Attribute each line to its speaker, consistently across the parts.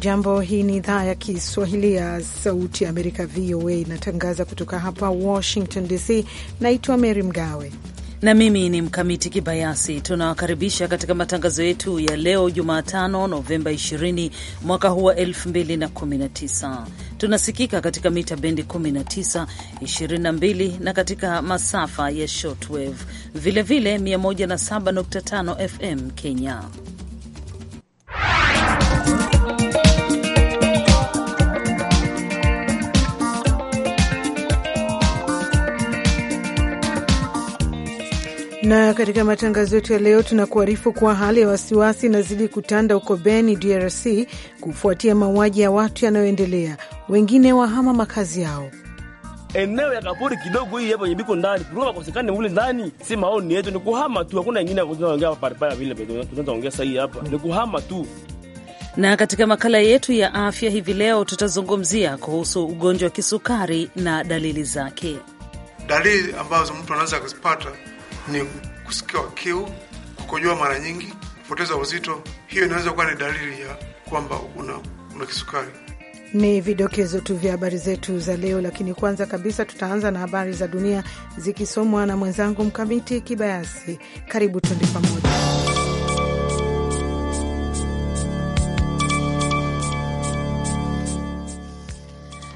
Speaker 1: jambo hii ni idhaa ya Kiswahili ya Sauti ya Amerika, VOA, inatangaza kutoka hapa Washington DC. Naitwa Mary Mgawe
Speaker 2: na mimi ni Mkamiti Kibayasi. Tunawakaribisha katika matangazo yetu ya leo Jumatano, Novemba 20 mwaka huu wa 2019. Tunasikika katika mita bendi 19, 22 na katika masafa ya shortwave vilevile 107.5 FM Kenya
Speaker 1: Na katika matangazo yetu ya leo tunakuarifu kuwa hali ya wasiwasi inazidi kutanda huko Beni, DRC, kufuatia mauaji ya watu yanayoendelea, wengine wahama makazi yao.
Speaker 3: Eneo ya kaburi kidogo hii hapo yebiko ndani kuona kosekane mule ndani, si maoni yetu ni kuhama tu, hakuna ingine ya kuongea pale pale vile tunaongea sasa, hii hapa ni kuhama tu
Speaker 2: na katika makala yetu ya afya hivi leo tutazungumzia kuhusu ugonjwa wa kisukari na dalili zake,
Speaker 3: dalili
Speaker 4: ambazo mtu anaweza kuzipata ni kusikia kiu, kukojoa mara nyingi, kupoteza uzito. Hiyo inaweza kuwa ni dalili ya kwamba una, una kisukari.
Speaker 1: Ni vidokezo tu vya habari zetu za leo, lakini kwanza kabisa tutaanza na habari za dunia zikisomwa na mwenzangu Mkamiti Kibayasi. Karibu tuende pamoja.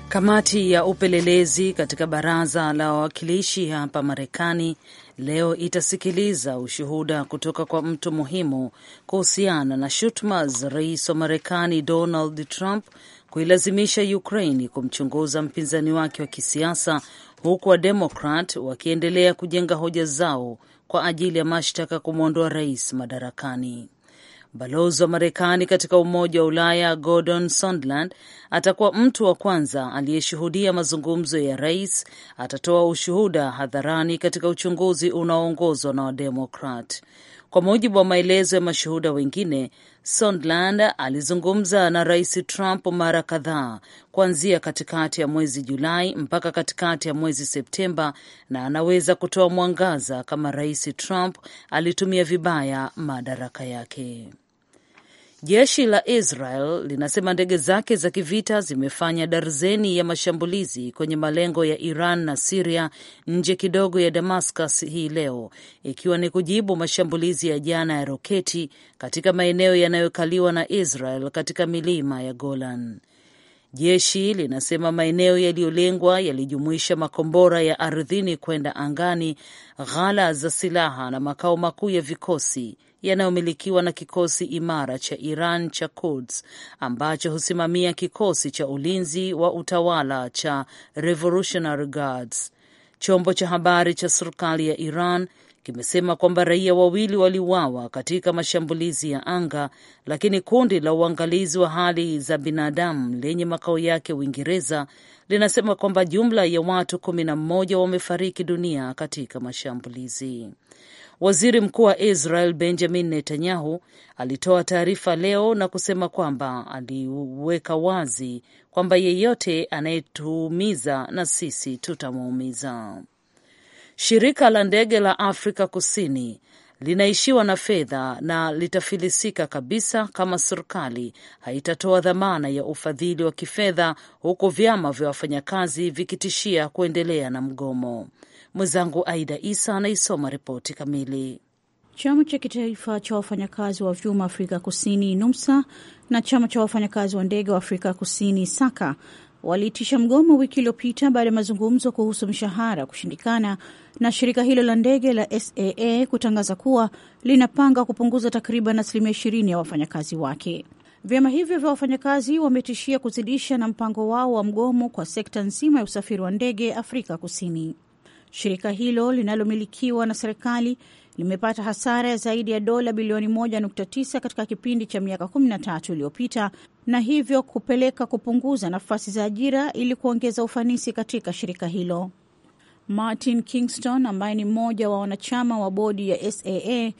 Speaker 2: Kamati ya upelelezi katika baraza la wawakilishi hapa Marekani leo itasikiliza ushuhuda kutoka kwa mtu muhimu kuhusiana na shutuma za rais wa Marekani Donald Trump kuilazimisha Ukraine kumchunguza mpinzani wake wa kisiasa, huku Wademokrat wakiendelea kujenga hoja zao kwa ajili ya mashtaka kumwondoa rais madarakani. Balozi wa Marekani katika Umoja wa Ulaya Gordon Sondland atakuwa mtu wa kwanza aliyeshuhudia mazungumzo ya rais. Atatoa ushuhuda hadharani katika uchunguzi unaoongozwa na Wademokrat. Kwa mujibu wa maelezo ya mashuhuda wengine, Sondland alizungumza na rais Trump mara kadhaa kuanzia katikati ya mwezi Julai mpaka katikati ya mwezi Septemba, na anaweza kutoa mwangaza kama rais Trump alitumia vibaya madaraka yake. Jeshi la Israel linasema ndege zake za kivita zimefanya darzeni ya mashambulizi kwenye malengo ya Iran na Siria nje kidogo ya Damascus hii leo, ikiwa ni kujibu mashambulizi ya jana ya roketi katika maeneo yanayokaliwa na Israel katika milima ya Golan. Jeshi linasema maeneo yaliyolengwa yalijumuisha makombora ya ardhini kwenda angani, ghala za silaha na makao makuu ya vikosi yanayomilikiwa na kikosi imara cha Iran cha Quds ambacho husimamia kikosi cha ulinzi wa utawala cha Revolutionary Guards. Chombo cha habari cha serikali ya Iran kimesema kwamba raia wawili waliuawa katika mashambulizi ya anga, lakini kundi la uangalizi wa hali za binadamu lenye makao yake Uingereza linasema kwamba jumla ya watu kumi na mmoja wamefariki dunia katika mashambulizi. Waziri Mkuu wa Israel Benjamin Netanyahu alitoa taarifa leo na kusema kwamba aliweka wazi kwamba yeyote anayetuumiza na sisi tutamuumiza. Shirika la ndege la Afrika Kusini linaishiwa na fedha na litafilisika kabisa kama serikali haitatoa dhamana ya ufadhili wa kifedha huku vyama vya wafanyakazi vikitishia kuendelea na mgomo. Mwenzangu Aida Isa anaisoma ripoti kamili.
Speaker 5: Chama cha kitaifa cha wafanyakazi wa vyuma Afrika Kusini NUMSA na chama cha wafanyakazi wa ndege wa Afrika Kusini SAKA waliitisha mgomo wiki iliyopita baada ya mazungumzo kuhusu mshahara kushindikana na shirika hilo la ndege la SAA kutangaza kuwa linapanga kupunguza takriban asilimia ishirini ya wafanyakazi wake. Vyama hivyo vya wafanyakazi wametishia kuzidisha na mpango wao wa mgomo kwa sekta nzima ya usafiri wa ndege Afrika Kusini. Shirika hilo linalomilikiwa na serikali limepata hasara ya zaidi ya dola bilioni 1.9 katika kipindi cha miaka 13 iliyopita, na hivyo kupeleka kupunguza nafasi za ajira ili kuongeza ufanisi katika shirika hilo. Martin Kingston ambaye ni mmoja wa wanachama wa bodi ya SAA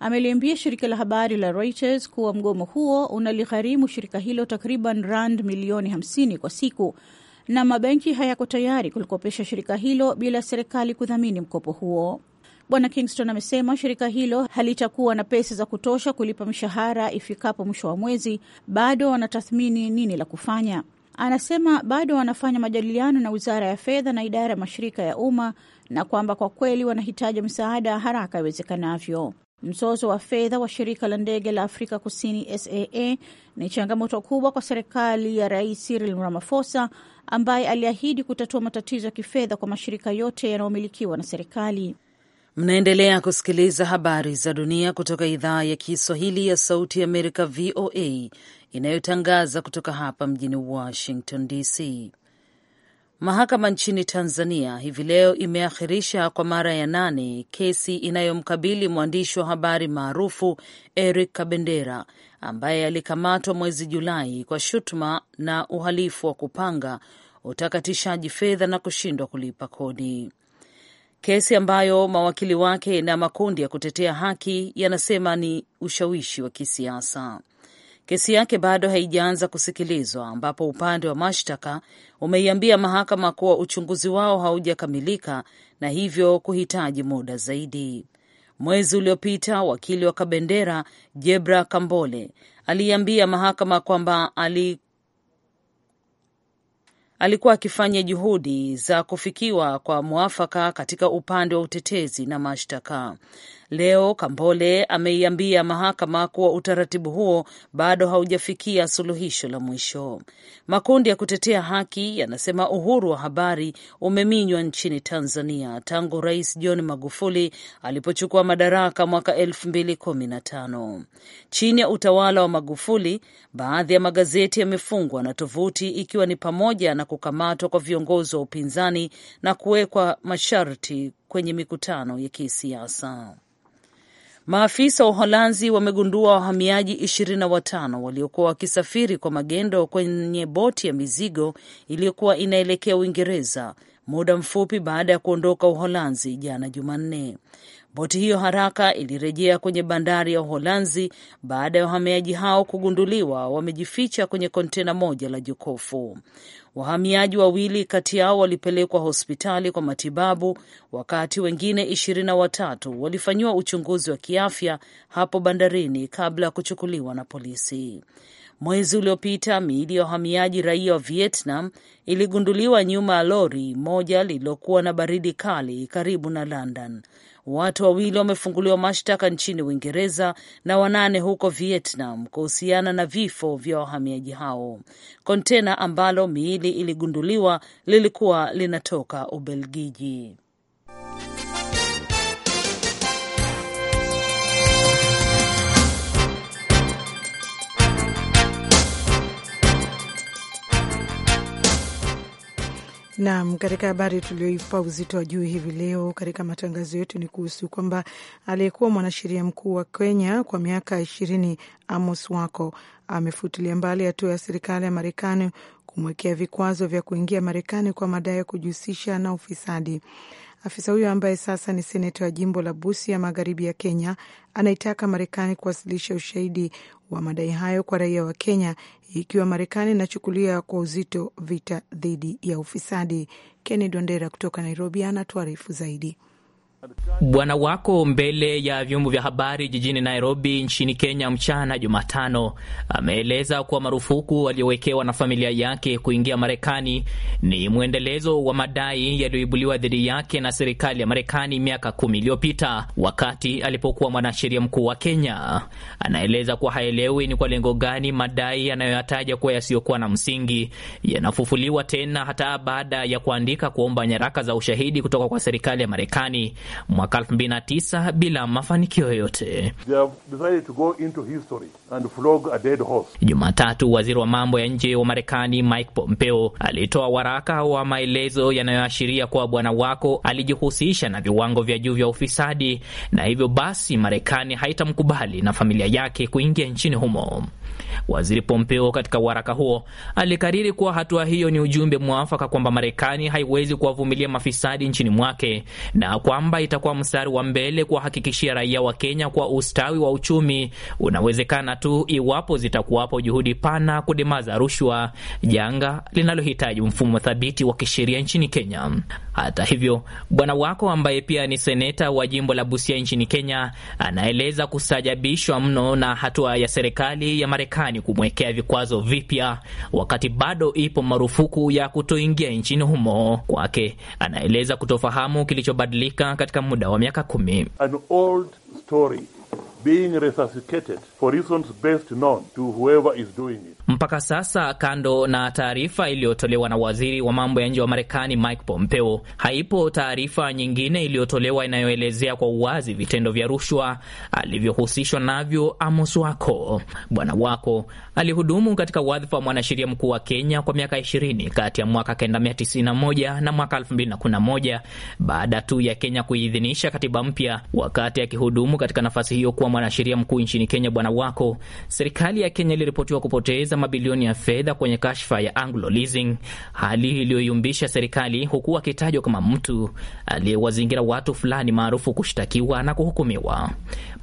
Speaker 5: ameliambia shirika la habari la Reuters kuwa mgomo huo unaligharimu shirika hilo takriban rand milioni 50 kwa siku na mabenki hayako tayari kulikopesha shirika hilo bila serikali kudhamini mkopo huo. Bwana Kingston amesema shirika hilo halitakuwa na pesa za kutosha kulipa mshahara ifikapo mwisho wa mwezi. Bado wanatathmini nini la kufanya. Anasema bado wanafanya majadiliano na wizara ya fedha na idara ya mashirika ya umma, na kwamba kwa kweli wanahitaji msaada haraka iwezekanavyo. Mzozo wa fedha wa shirika la ndege la Afrika Kusini SAA ni changamoto kubwa kwa serikali ya Rais Cyril Ramaphosa ambaye aliahidi kutatua matatizo ya kifedha kwa mashirika yote yanayomilikiwa na serikali.
Speaker 2: Mnaendelea kusikiliza habari za dunia kutoka idhaa ya Kiswahili ya Sauti ya Amerika, VOA, inayotangaza kutoka hapa mjini Washington DC. Mahakama nchini Tanzania hivi leo imeakhirisha kwa mara ya nane kesi inayomkabili mwandishi wa habari maarufu Eric Kabendera ambaye alikamatwa mwezi Julai kwa shutuma na uhalifu wa kupanga, utakatishaji fedha na kushindwa kulipa kodi, kesi ambayo mawakili wake na makundi ya kutetea haki yanasema ni ushawishi wa kisiasa. Kesi yake bado haijaanza kusikilizwa, ambapo upande wa mashtaka umeiambia mahakama kuwa uchunguzi wao haujakamilika na hivyo kuhitaji muda zaidi. Mwezi uliopita wakili wa Kabendera Jebra Kambole aliambia mahakama kwamba ali alikuwa akifanya juhudi za kufikiwa kwa mwafaka katika upande wa utetezi na mashtaka. Leo Kambole ameiambia mahakama kuwa utaratibu huo bado haujafikia suluhisho la mwisho. Makundi ya kutetea haki yanasema uhuru wa habari umeminywa nchini Tanzania tangu Rais John Magufuli alipochukua madaraka mwaka elfu kumi na tano. Chini ya utawala wa Magufuli, baadhi ya magazeti yamefungwa na tovuti, ikiwa ni pamoja na kukamatwa kwa viongozi wa upinzani na kuwekwa masharti kwenye mikutano ya kisiasa. Maafisa wa Uholanzi wamegundua wahamiaji 25 na watano waliokuwa wakisafiri kwa magendo kwenye boti ya mizigo iliyokuwa inaelekea Uingereza muda mfupi baada ya kuondoka Uholanzi jana Jumanne. Boti hiyo haraka ilirejea kwenye bandari ya Uholanzi baada ya wahamiaji hao kugunduliwa wamejificha kwenye kontena moja la jokofu. Wahamiaji wawili kati yao walipelekwa hospitali kwa matibabu, wakati wengine ishirini na watatu walifanyiwa uchunguzi wa kiafya hapo bandarini kabla ya kuchukuliwa na polisi. Mwezi uliopita miili ya wahamiaji raia wa Vietnam iligunduliwa nyuma ya lori moja lililokuwa na baridi kali karibu na London. Watu wawili wamefunguliwa mashtaka nchini Uingereza na wanane huko Vietnam kuhusiana na vifo vya wahamiaji hao. Kontena ambalo miili iligunduliwa lilikuwa linatoka Ubelgiji.
Speaker 1: Naam, katika habari tulioipa uzito wa juu hivi leo katika matangazo yetu ni kuhusu kwamba aliyekuwa mwanasheria mkuu wa Kenya kwa miaka ishirini Amos Wako amefutilia mbali hatua ya serikali ya Marekani kumwekea vikwazo vya kuingia Marekani kwa madai ya kujihusisha na ufisadi. Afisa huyo ambaye sasa ni seneta wa jimbo la Busia magharibi ya Kenya anaitaka Marekani kuwasilisha ushahidi wa madai hayo kwa raia wa Kenya, ikiwa Marekani inachukulia kwa uzito vita dhidi ya ufisadi. Kennedy Wandera kutoka Nairobi anatuarifu zaidi.
Speaker 6: Bwana wako mbele ya vyombo vya habari jijini Nairobi nchini Kenya mchana Jumatano ameeleza kuwa marufuku aliyowekewa na familia yake kuingia Marekani ni mwendelezo wa madai yaliyoibuliwa dhidi yake na serikali ya Marekani miaka kumi iliyopita wakati alipokuwa mwanasheria mkuu wa Kenya. Anaeleza kuwa haelewi ni kwa lengo gani madai yanayoyataja kuwa yasiyokuwa na msingi yanafufuliwa tena hata baada ya kuandika kuomba nyaraka za ushahidi kutoka kwa serikali ya Marekani mwaka 2009 bila mafanikio yoyote. Jumatatu, waziri wa mambo ya nje wa Marekani Mike Pompeo alitoa waraka wa maelezo yanayoashiria kuwa bwana wako alijihusisha na viwango vya juu vya ufisadi na hivyo basi Marekani haitamkubali na familia yake kuingia nchini humo. Waziri Pompeo katika waraka huo alikariri kuwa hatua hiyo ni ujumbe mwafaka kwamba Marekani haiwezi kuwavumilia mafisadi nchini mwake na kwamba itakuwa mstari wa mbele kuwahakikishia raia wa Kenya kwa ustawi wa uchumi unawezekana tu iwapo zitakuwapo juhudi pana kudemaza rushwa, janga linalohitaji mfumo thabiti wa kisheria nchini Kenya. Hata hivyo, bwana wako ambaye pia ni seneta wa jimbo la Busia nchini Kenya anaeleza kustajabishwa mno na hatua ya serikali ya Marekani kumwekea vikwazo vipya wakati bado ipo marufuku ya kutoingia nchini humo. Kwake anaeleza kutofahamu kilichobadilika katika muda wa miaka kumi.
Speaker 4: An old story being resuscitated for reasons best known to whoever is doing it.
Speaker 6: Mpaka sasa, kando na taarifa iliyotolewa na waziri wa mambo ya nje wa Marekani Mike Pompeo, haipo taarifa nyingine iliyotolewa inayoelezea kwa uwazi vitendo vya rushwa alivyohusishwa navyo Amos Wako. Bwana Wako alihudumu katika wadhifa wa mwanasheria mkuu wa Kenya kwa miaka 20 kati ya mwaka 1991 na mwaka 2011 baada tu ya Kenya kuidhinisha katiba mpya. Wakati akihudumu katika nafasi hiyo kuwa mwanasheria mkuu nchini Kenya, Bwana Wako, serikali ya Kenya iliripotiwa kupoteza kuingiza mabilioni ya fedha kwenye kashfa ya Anglo Leasing, hali iliyoyumbisha serikali, huku akitajwa kama mtu aliyewazingira watu fulani maarufu kushtakiwa na kuhukumiwa.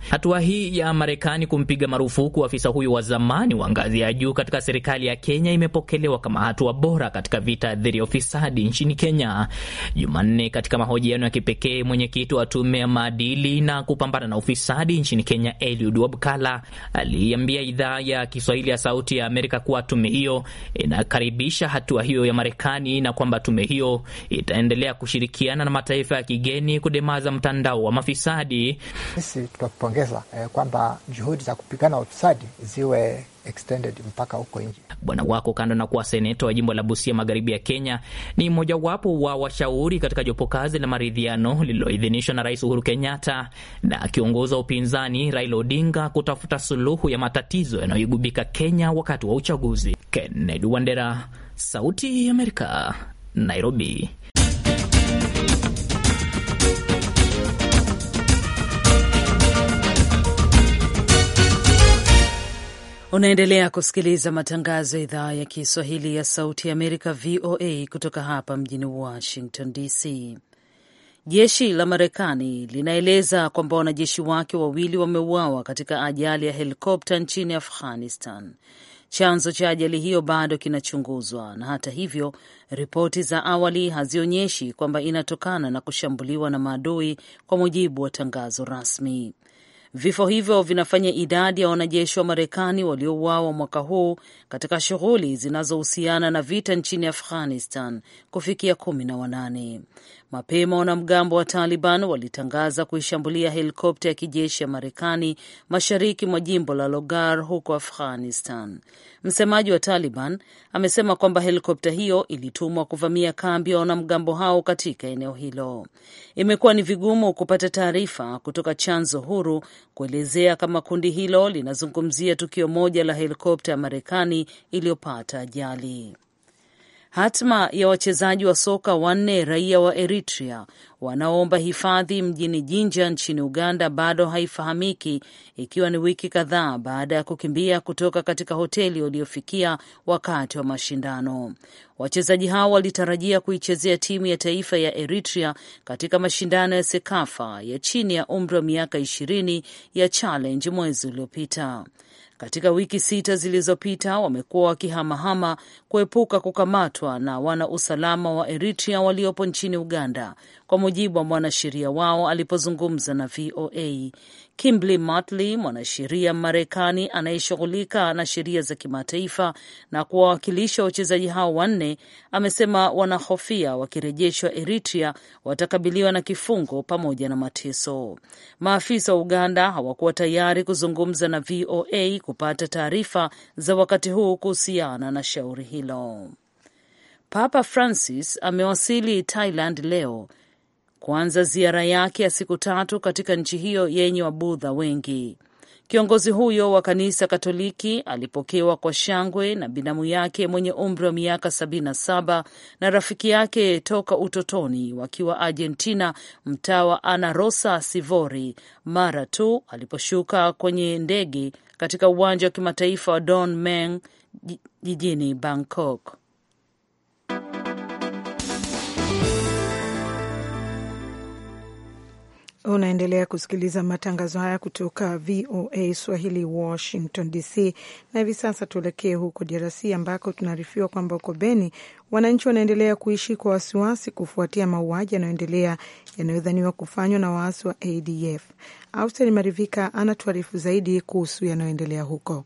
Speaker 6: Hatua hii ya Marekani kumpiga marufuku afisa huyu wa zamani wa ngazi ya juu katika serikali ya Kenya imepokelewa kama hatua bora katika vita dhidi ya ufisadi nchini Kenya. Jumanne, katika mahojiano ya kipekee, mwenyekiti wa tume ya maadili na kupambana na ufisadi nchini Kenya Eliud Wabukala aliiambia idhaa ya Kiswahili ya Sauti ya Amerika kuwa tume hiyo inakaribisha hatua hiyo ya Marekani na kwamba tume hiyo itaendelea kushirikiana na mataifa ya kigeni kudemaza mtandao wa mafisadi. Sisi, kuongeza
Speaker 7: eh, kwamba juhudi za kupigana ufisadi ziwe extended mpaka huko nje.
Speaker 6: Bwana Wako, kando na kuwa seneta wa jimbo la Busia magharibi ya Kenya, ni mmojawapo wa washauri katika jopo kazi la maridhiano lililoidhinishwa na Rais Uhuru Kenyatta na kiongozi wa upinzani Raila Odinga kutafuta suluhu ya matatizo yanayoigubika Kenya wakati wa uchaguzi. Kennedy Wandera, Sauti ya Amerika, Nairobi.
Speaker 2: Unaendelea kusikiliza matangazo ya idhaa ya Kiswahili ya Sauti ya Amerika, VOA, kutoka hapa mjini Washington DC. Jeshi la Marekani linaeleza kwamba wanajeshi wake wawili wameuawa katika ajali ya helikopta nchini Afghanistan. Chanzo cha ajali hiyo bado kinachunguzwa, na hata hivyo, ripoti za awali hazionyeshi kwamba inatokana na kushambuliwa na maadui, kwa mujibu wa tangazo rasmi. Vifo hivyo vinafanya idadi ya wanajeshi wa Marekani waliouawa mwaka huu katika shughuli zinazohusiana na vita nchini Afghanistan kufikia kumi na wanane. Mapema wanamgambo wa Taliban walitangaza kuishambulia helikopta ya kijeshi ya Marekani mashariki mwa jimbo la Logar huko Afghanistan. Msemaji wa Taliban amesema kwamba helikopta hiyo ilitumwa kuvamia kambi ya wanamgambo hao katika eneo hilo. Imekuwa ni vigumu kupata taarifa kutoka chanzo huru kuelezea kama kundi hilo linazungumzia tukio moja la helikopta ya Marekani iliyopata ajali. Hatma ya wachezaji wa soka wanne raia wa Eritrea wanaoomba hifadhi mjini Jinja nchini Uganda bado haifahamiki, ikiwa ni wiki kadhaa baada ya kukimbia kutoka katika hoteli waliofikia wakati wa mashindano. Wachezaji hao walitarajia kuichezea timu ya taifa ya Eritrea katika mashindano ya Sekafa ya chini ya umri wa miaka ishirini ya Challenge mwezi uliopita. Katika wiki sita zilizopita wamekuwa wakihamahama kuepuka kukamatwa na wana usalama wa Eritrea waliopo nchini Uganda, kwa mujibu wa mwanasheria wao alipozungumza na VOA. Kimberly Motley, mwanasheria Marekani anayeshughulika na sheria za kimataifa na kuwawakilisha wachezaji hao wanne, amesema wanahofia wakirejeshwa Eritrea watakabiliwa na kifungo pamoja na mateso. Maafisa wa Uganda hawakuwa tayari kuzungumza na VOA kupata taarifa za wakati huu kuhusiana na shauri hilo. Papa Francis amewasili Thailand leo kuanza ziara yake ya siku tatu katika nchi hiyo yenye Wabudha wengi. Kiongozi huyo wa kanisa Katoliki alipokewa kwa shangwe na binamu yake mwenye umri wa miaka 77 na rafiki yake toka utotoni wakiwa Argentina, mtaa wa Ana Rosa Sivori, mara tu aliposhuka kwenye ndege katika uwanja wa kimataifa wa Don Meng jijini Bangkok.
Speaker 1: Unaendelea kusikiliza matangazo haya kutoka VOA Swahili, Washington DC. Na hivi sasa tuelekee huko DRC ambako tunaarifiwa kwamba huko Beni wananchi wanaendelea kuishi kwa wasiwasi kufuatia mauaji yanayoendelea yanayodhaniwa kufanywa na waasi wa ADF. Austin Marivika anatuarifu zaidi kuhusu yanayoendelea huko.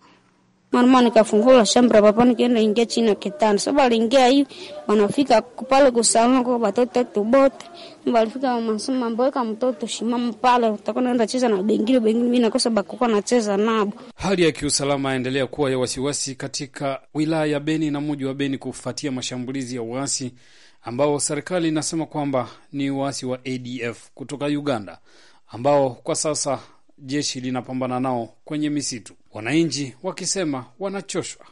Speaker 5: Mara nikafungula shamba papa nikaenda ingia chini ya kitanda. Sasa aliingia hivi wanafika pale kusalama kwa watoto bote Mbona alifika mama sema mboeka mtoto shimama pale utakwenda enda cheza na bengine bengine mimi nakosa bakuko nacheza nabo.
Speaker 3: Hali ya kiusalama yaendelea kuwa ya wasiwasi katika wilaya ya Beni na mji wa Beni kufuatia mashambulizi ya uasi ambao serikali inasema kwamba ni waasi wa ADF kutoka Uganda ambao kwa sasa jeshi linapambana nao kwenye misitu, wananchi wakisema wanachoshwa.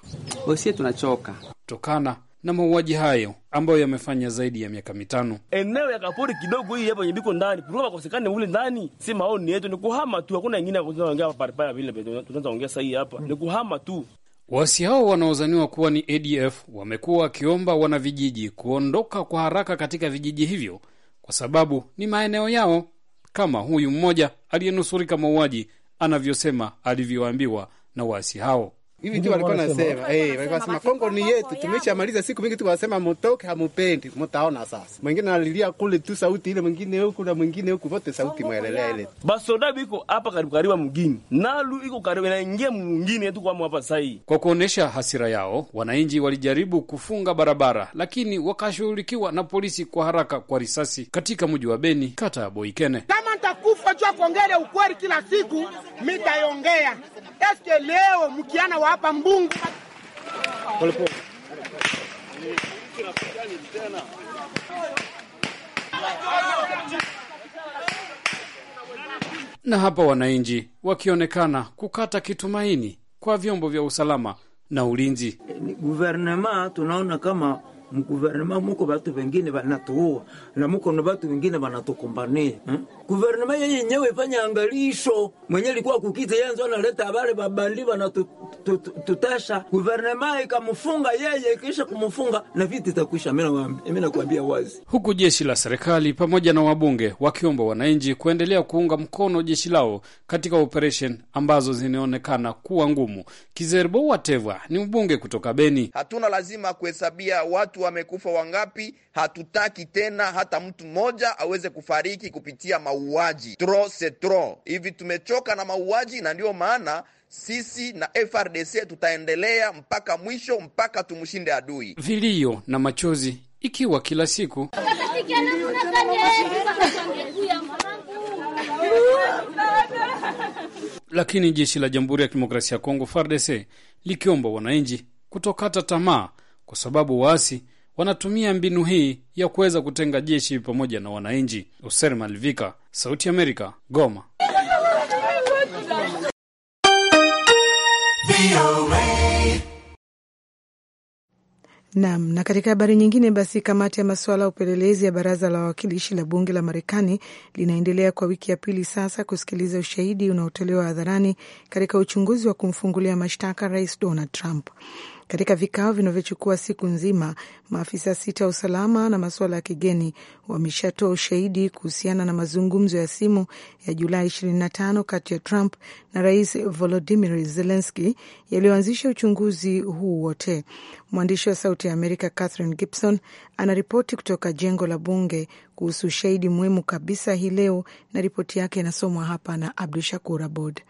Speaker 3: Wasie tunachoka tokana na mauaji hayo ambayo yamefanya zaidi ya miaka mitano. Eneo ya kapori kidogo hii hapo nyebiko ndani kuruka kosekane ule ndani, si maoni yetu ni kuhama tu, hakuna ingine ya kuongea hapa paripara vile tunaanza ongea sahii hapa ni kuhama tu. Waasi hao wanaozaniwa kuwa ni ADF wamekuwa wakiomba wanavijiji kuondoka kwa haraka katika vijiji hivyo kwa sababu ni maeneo yao kama huyu mmoja aliyenusurika mauaji anavyosema alivyoambiwa na waasi hao hivi ndio walikuwa nasema eh, walikuwa nasema Kongo ni yetu, tumeshamaliza siku mingi tu, wasema mtoke, hamupendi mtaona. Sasa mwingine analilia kule tu sauti ile, mwingine huku na mwingine huku, vote sauti mwelelea ile. Basoda biko hapa karibu karibu mgini nalu iko karibu na ingia mwingine tu kwa hapa sasa. Kwa kuonesha hasira yao, wananchi walijaribu kufunga barabara, lakini wakashughulikiwa na polisi kwa haraka kwa risasi katika mji wa Beni, kata ya Boikene. Kama nitakufa jua kuongea ukweli, kila siku mitaongea eske leo
Speaker 7: mkiana hapa mbungu
Speaker 3: na hapa wananchi wakionekana kukata kitumaini kwa vyombo vya usalama na ulinzi. Guvernema tunaona kama mguvernema muko batu bengine banatuua na muko na batu bengine banatukumbania hmm?
Speaker 7: Guvernema yenyewe ifanya angalisho, mwenye likuwa kukita yenzo analeta habari babandi banatutasha, guvernema ikamfunga yeye, kisha kumfunga na viti takwisha. Mimi nakwambia wazi,
Speaker 3: huku jeshi la serikali pamoja na wabunge wakiomba wananchi kuendelea kuunga mkono jeshi lao katika operesheni ambazo zinaonekana kuwa ngumu. Kizerbo Watevwa ni mbunge kutoka Beni.
Speaker 7: Hatuna lazima kuhesabia watu wamekufa wangapi? Hatutaki tena hata mtu mmoja aweze kufariki kupitia mauaji. Tro se tro, hivi tumechoka na mauaji, na ndiyo maana sisi na FRDC tutaendelea mpaka mwisho, mpaka tumshinde adui.
Speaker 3: Vilio na machozi ikiwa kila siku Lakini jeshi la Jamhuri ya Kidemokrasia ya Kongo, FARDC, likiomba wananchi kutokata tamaa, kwa sababu waasi wanatumia mbinu hii ya kuweza kutenga jeshi pamoja na wananchi. Hoser malivika Sauti
Speaker 1: Amerika, Goma. Nam. Na katika habari nyingine, basi kamati ya masuala ya upelelezi ya baraza la wawakilishi la bunge la Marekani linaendelea kwa wiki ya pili sasa kusikiliza ushahidi unaotolewa hadharani katika uchunguzi wa kumfungulia mashtaka rais Donald Trump. Katika vikao vinavyochukua siku nzima, maafisa sita wa usalama na masuala ya kigeni wameshatoa ushahidi kuhusiana na mazungumzo ya simu ya Julai 25 kati ya Trump na Rais Volodimir Zelenski yaliyoanzisha uchunguzi huu wote. Mwandishi wa Sauti ya Amerika Catherine Gibson anaripoti kutoka jengo la bunge kuhusu ushahidi muhimu kabisa hii leo, na ripoti yake inasomwa hapa na Abdu Shakur Abod.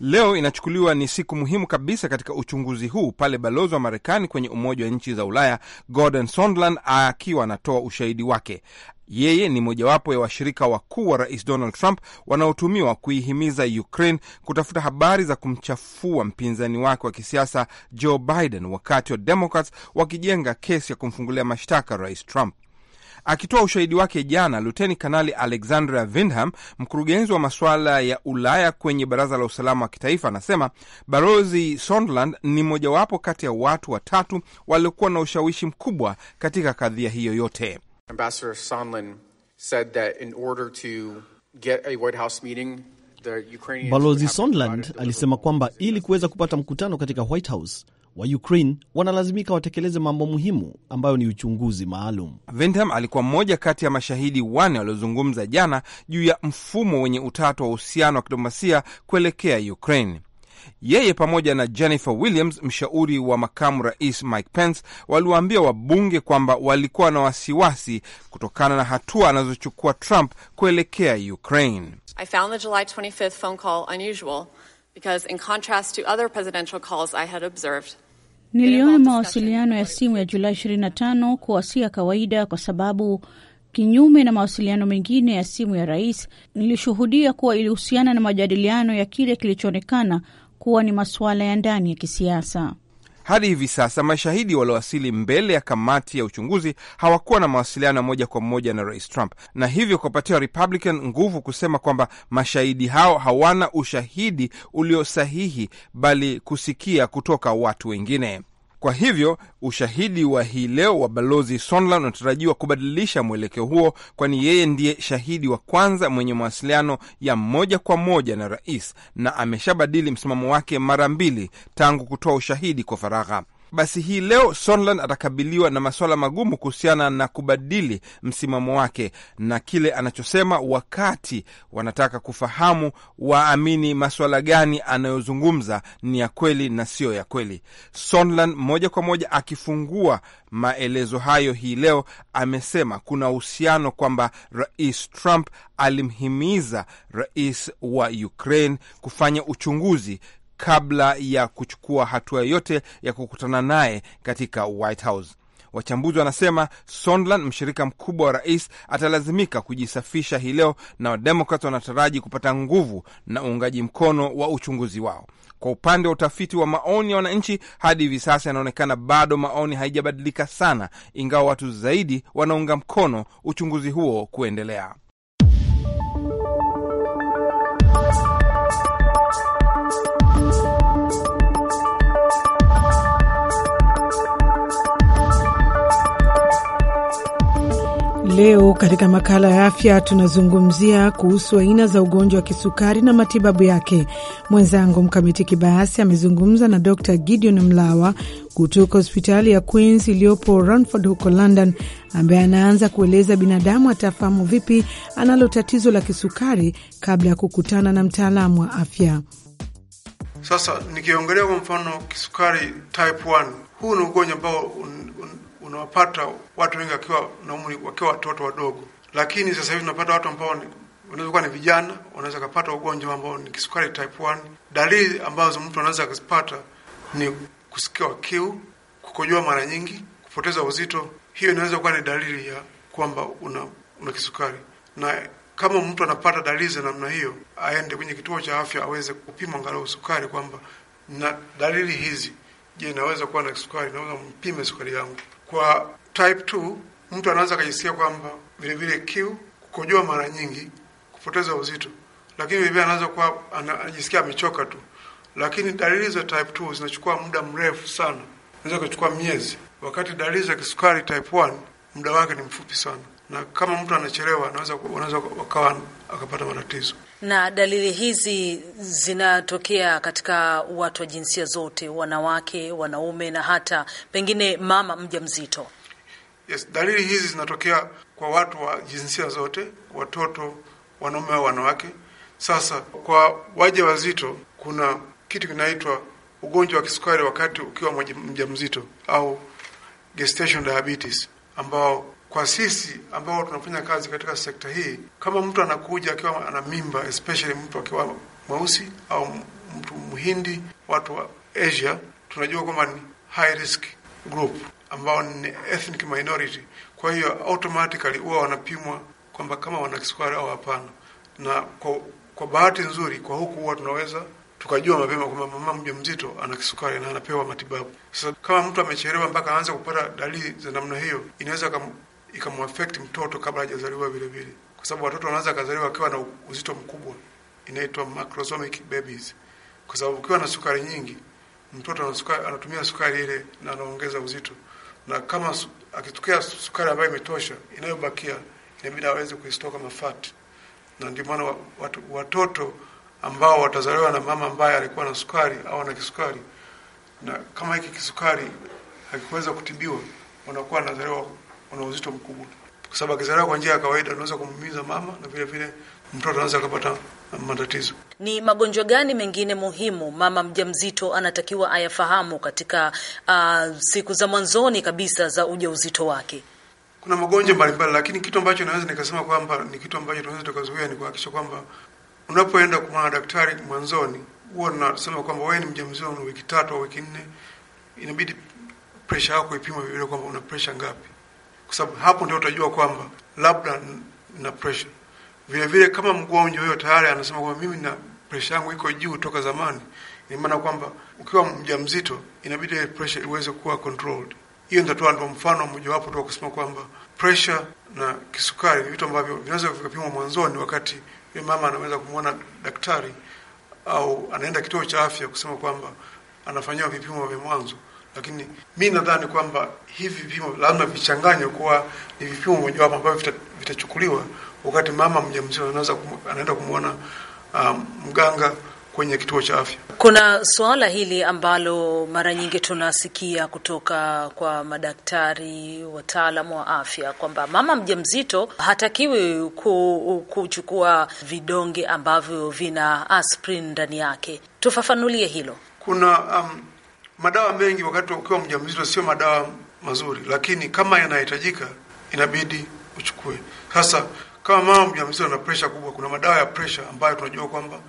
Speaker 7: Leo inachukuliwa ni siku muhimu kabisa katika uchunguzi huu pale balozi wa Marekani kwenye Umoja wa Nchi za Ulaya Gordon Sondland akiwa anatoa ushahidi wake. Yeye ni mojawapo ya washirika wakuu wa rais Donald Trump wanaotumiwa kuihimiza Ukraine kutafuta habari za kumchafua mpinzani wake wa kisiasa Joe Biden, wakati wa Democrats wakijenga kesi ya kumfungulia mashtaka rais Trump. Akitoa ushahidi wake jana, luteni kanali Alexandra Vindham, mkurugenzi wa masuala ya Ulaya kwenye Baraza la Usalama wa Kitaifa, anasema Balozi Sondland ni mojawapo kati ya watu watatu waliokuwa na ushawishi mkubwa katika kadhia hiyo yote. Balozi Sondland alisema kwamba ili kuweza kupata mkutano katika White House wa Ukraine wanalazimika watekeleze mambo muhimu ambayo ni uchunguzi maalum. Windham alikuwa mmoja kati ya mashahidi wane waliozungumza jana juu ya mfumo wenye utata wa uhusiano wa kidiplomasia kuelekea Ukraine. Yeye pamoja na Jennifer Williams, mshauri wa makamu rais Mike Pence, waliwaambia wabunge kwamba walikuwa na wasiwasi kutokana na hatua anazochukua Trump kuelekea Ukraine. I found the July 25th phone call unusual because in contrast to other presidential calls I had observed
Speaker 5: Niliona mawasiliano ya simu ya Julai 25 kuwa si ya kawaida kwa sababu kinyume na mawasiliano mengine ya simu ya rais, nilishuhudia kuwa ilihusiana na majadiliano ya kile kilichoonekana kuwa ni masuala ya ndani ya kisiasa.
Speaker 7: Hadi hivi sasa mashahidi waliowasili mbele ya kamati ya uchunguzi hawakuwa na mawasiliano moja kwa moja na rais Trump, na hivyo kuwapatia Republican nguvu kusema kwamba mashahidi hao hawana ushahidi ulio sahihi, bali kusikia kutoka watu wengine. Kwa hivyo ushahidi wa hii leo wa balozi Sondland unatarajiwa kubadilisha mwelekeo huo, kwani yeye ndiye shahidi wa kwanza mwenye mawasiliano ya moja kwa moja na rais, na ameshabadili msimamo wake mara mbili tangu kutoa ushahidi kwa faragha. Basi hii leo Sondland atakabiliwa na masuala magumu kuhusiana na kubadili msimamo wake na kile anachosema, wakati wanataka kufahamu waamini masuala gani anayozungumza ni ya kweli na siyo ya kweli. Sondland moja kwa moja akifungua maelezo hayo hii leo amesema kuna uhusiano kwamba Rais Trump alimhimiza rais wa Ukraine kufanya uchunguzi kabla ya kuchukua hatua yoyote ya kukutana naye katika White House. Wachambuzi wanasema Sondland, mshirika mkubwa wa rais, atalazimika kujisafisha hii leo, na Wademokrat wanataraji kupata nguvu na uungaji mkono wa uchunguzi wao. Kwa upande wa utafiti wa maoni ya wananchi, hadi hivi sasa yanaonekana bado maoni haijabadilika sana, ingawa watu zaidi wanaunga mkono uchunguzi huo kuendelea.
Speaker 1: Leo katika makala ya afya tunazungumzia kuhusu aina za ugonjwa wa kisukari na matibabu yake. Mwenzangu Mkamiti Kibayasi amezungumza na Dr Gideon Mlawa kutoka hospitali ya Queens iliyopo Ranford huko London, ambaye anaanza kueleza binadamu atafahamu vipi analo tatizo la kisukari kabla ya kukutana na mtaalamu wa afya.
Speaker 4: Sasa nikiongelea kwa mfano kisukari type 1, huu ni ugonjwa ambao unawapata watu wengi wakiwa na umri, wakiwa watoto wadogo, lakini sasa hivi tunapata watu ambao wanaweza kuwa ni vijana, wanaweza kupata ugonjwa ambao ni kisukari type 1. Dalili ambazo mtu anaweza kuzipata ni kusikia kiu, kukojoa mara nyingi, kupoteza uzito. Hiyo inaweza kuwa ni dalili ya kwamba una, una kisukari na kama mtu anapata dalili za namna hiyo, aende kwenye kituo cha afya aweze kupima angalau sukari, kwamba na dalili hizi, je, naweza kuwa na kisukari? Naweza mpime sukari yangu. Kwa type 2 mtu anaweza akajisikia kwamba vile vile kiu, kukojoa mara nyingi, kupoteza uzito, lakini vile vile anaweza kuwa anajisikia amechoka tu. Lakini dalili za type 2 zinachukua muda mrefu sana, inaweza kuchukua miezi, wakati dalili za kisukari type 1 muda wake ni mfupi sana, na kama mtu anachelewa anaweza, anaweza wakawa akapata matatizo.
Speaker 2: Na dalili hizi zinatokea katika watu wa jinsia zote, wanawake, wanaume na hata pengine mama mjamzito.
Speaker 4: Yes, dalili hizi zinatokea kwa watu wa jinsia zote, watoto, wanaume au wanawake. Sasa kwa waja wazito kuna kitu kinaitwa ugonjwa wa kisukari wakati ukiwa mjamzito au diabetes ambao kwa sisi ambao tunafanya kazi katika sekta hii, kama mtu anakuja akiwa ana mimba, especially mtu akiwa mweusi au mtu mhindi, watu wa Asia, tunajua kwamba ni high risk group ambao ni ethnic minority. Kwa hiyo automatically huwa wanapimwa kwamba kama wana kisukari au hapana, na kwa, kwa bahati nzuri kwa huku huwa tunaweza tukajua mapema kwamba mama mzito ana kisukari na anapewa matibabu. Sasa kama mtu amechelewa mpaka aanze kupata dalili za namna hiyo, inaweza ikamwafect mtoto kabla hajazaliwa vile vile, kwa sababu watoto wanaweza kazaliwa akiwa na uzito mkubwa, inaitwa macrosomic babies, kwa sababu ukiwa na sukari nyingi mtoto anasukari, anatumia sukari ile na anaongeza uzito, na kama su, akitokea sukari ambayo imetosha inayobakia inabidi aweze kuistoka kama na ndio maana watu, watoto ambao watazaliwa na mama ambaye alikuwa na sukari au na kisukari, na kama hiki kisukari hakikuweza kutibiwa, wanakuwa wanazaliwa una uzito mkubwa, kwa sababu akizaliwa kwa njia ya kawaida unaweza kumumiza mama na vile vile mtoto anaweza akapata matatizo.
Speaker 2: Ni magonjwa gani mengine muhimu mama mjamzito anatakiwa ayafahamu katika uh, siku za mwanzoni kabisa za ujauzito wake?
Speaker 4: Kuna magonjwa mbalimbali, lakini kitu ambacho naweza nikasema kwamba ni kitu ambacho tunaweza tukazuia ni kuhakikisha kwamba unapoenda kumwona daktari mwanzoni, huwa tunasema kwamba wewe ni mjamzito wiki tatu au wiki nne, inabidi presha yako ipimwe vile kwamba una presha ngapi kwa sababu hapo ndio utajua kwamba labda na pressure. Vile vile kama mgonjwa huyo tayari anasema kwamba mimi na pressure yangu iko juu toka zamani, ni maana kwamba ukiwa mjamzito inabidi ile pressure iweze kuwa controlled. Hiyo nitatoa ndio mfano mmojawapo tu kusema kwamba pressure na kisukari ni vitu ambavyo vinaweza vikapimwa mwanzoni, wakati yule mama anaweza kumwona daktari au anaenda kituo cha afya kusema kwamba anafanyiwa vipimo vya mwanzo lakini mi nadhani kwamba hivi vipimo lazima vichanganywe kuwa ni vipimo mojawapo ambavyo vitachukuliwa vita wakati mama mjamzito anaweza anaenda kumwona um, mganga kwenye kituo cha afya.
Speaker 2: Kuna suala hili ambalo mara nyingi tunasikia kutoka kwa madaktari, wataalamu wa afya kwamba mama mjamzito hatakiwi kuchukua vidonge ambavyo vina aspirin ndani yake. Tufafanulie hilo. Kuna
Speaker 4: um, Madawa mengi wakati ukiwa mjamzito sio madawa mazuri, lakini kama yanahitajika inabidi uchukue. Sasa kama mama mjamzito ana pressure kubwa, kuna madawa ya pressure ambayo tunajua kwamba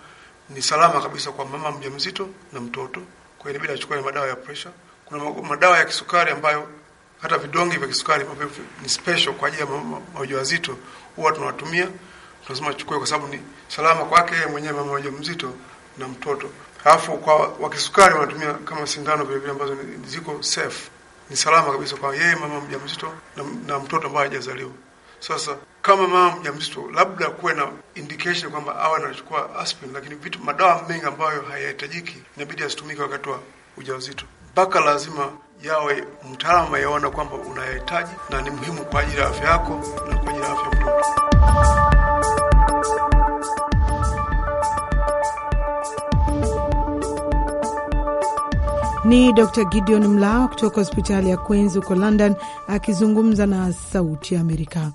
Speaker 4: ni salama kabisa kwa mama mjamzito na mtoto, kwa hiyo inabidi achukue madawa ya pressure. Kuna madawa ya kisukari ambayo hata vidonge vya kisukari ni special kwa ajili ya mama mjamzito, huwa tunawatumia, lazima achukue kwa sababu ni salama kwake yeye mwenyewe mama mjamzito na mtoto. Alafu kwa wakisukari wanatumia kama sindano vile vile ambazo ziko safe. Ni salama kabisa kwa yeye mama mjamzito na, na mtoto ambaye hajazaliwa. Sasa kama mama mjamzito labda kuwe na indication kwamba awe anachukua aspirin, lakini vitu madawa mengi ambayo hayahitajiki inabidi asitumike wakati wa ujauzito. Mpaka lazima yawe mtaalamu ayaona kwamba unayahitaji na ni muhimu kwa ajili ya afya yako na kwa ajili ya afya mtoto.
Speaker 1: Ni Dr Gideon Mlao kutoka hospitali ya Queens huko London akizungumza na Sauti ya Amerika.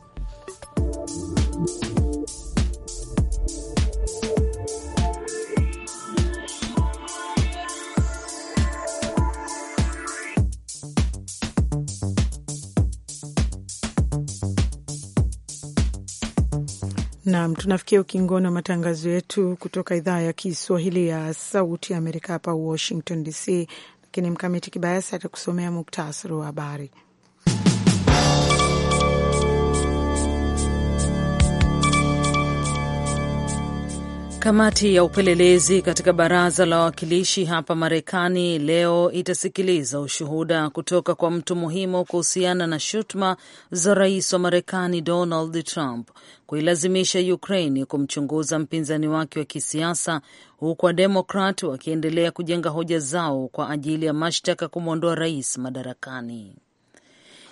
Speaker 1: Nam, tunafikia ukingoni wa matangazo yetu kutoka idhaa ya Kiswahili ya Sauti ya Amerika hapa Washington DC lakini Mkamiti Kibayasi atakusomea muktasari wa habari.
Speaker 2: Kamati ya upelelezi katika baraza la wawakilishi hapa Marekani leo itasikiliza ushuhuda kutoka kwa mtu muhimu kuhusiana na shutuma za rais wa Marekani Donald Trump kuilazimisha Ukraine kumchunguza mpinzani wake wa kisiasa, huku Wademokrat wakiendelea kujenga hoja zao kwa ajili ya mashtaka kumwondoa rais madarakani.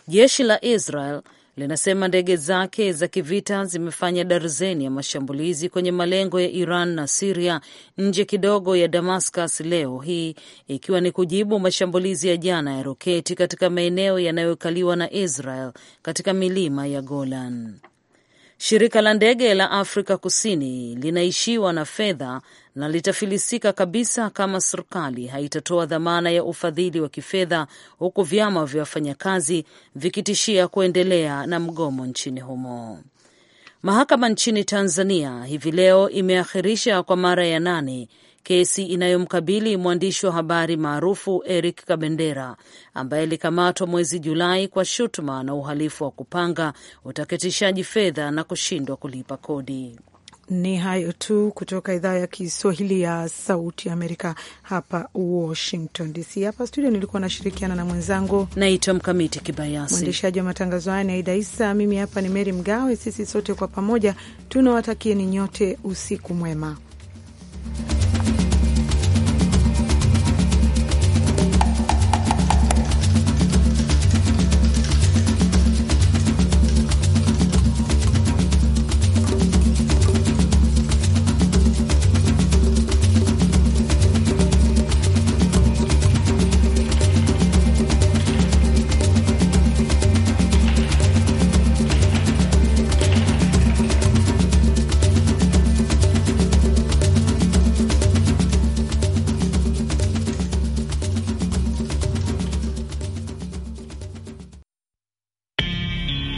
Speaker 2: Jeshi la Israel linasema ndege zake za kivita zimefanya darzeni ya mashambulizi kwenye malengo ya Iran na Siria nje kidogo ya Damascus leo hii, ikiwa ni kujibu mashambulizi ya jana ya roketi katika maeneo yanayokaliwa na Israel katika milima ya Golan. Shirika la ndege la Afrika Kusini linaishiwa na fedha na litafilisika kabisa kama serikali haitatoa dhamana ya ufadhili wa kifedha, huku vyama vya wafanyakazi vikitishia kuendelea na mgomo nchini humo. Mahakama nchini Tanzania hivi leo imeakhirisha kwa mara ya nane kesi inayomkabili mwandishi wa habari maarufu Eric Kabendera ambaye alikamatwa mwezi Julai kwa shutuma na uhalifu wa kupanga, utakatishaji fedha na kushindwa kulipa kodi. Ni hayo tu
Speaker 1: kutoka idhaa ya Kiswahili ya Sauti ya Amerika hapa Washington DC. Hapa studio nilikuwa nashirikiana na mwenzangu naitwa Mkamiti Kibayasi. Mwendeshaji wa matangazo haya ni Aida Isa, mimi hapa ni Meri Mgawe. Sisi sote kwa pamoja tunawatakieni nyote usiku mwema.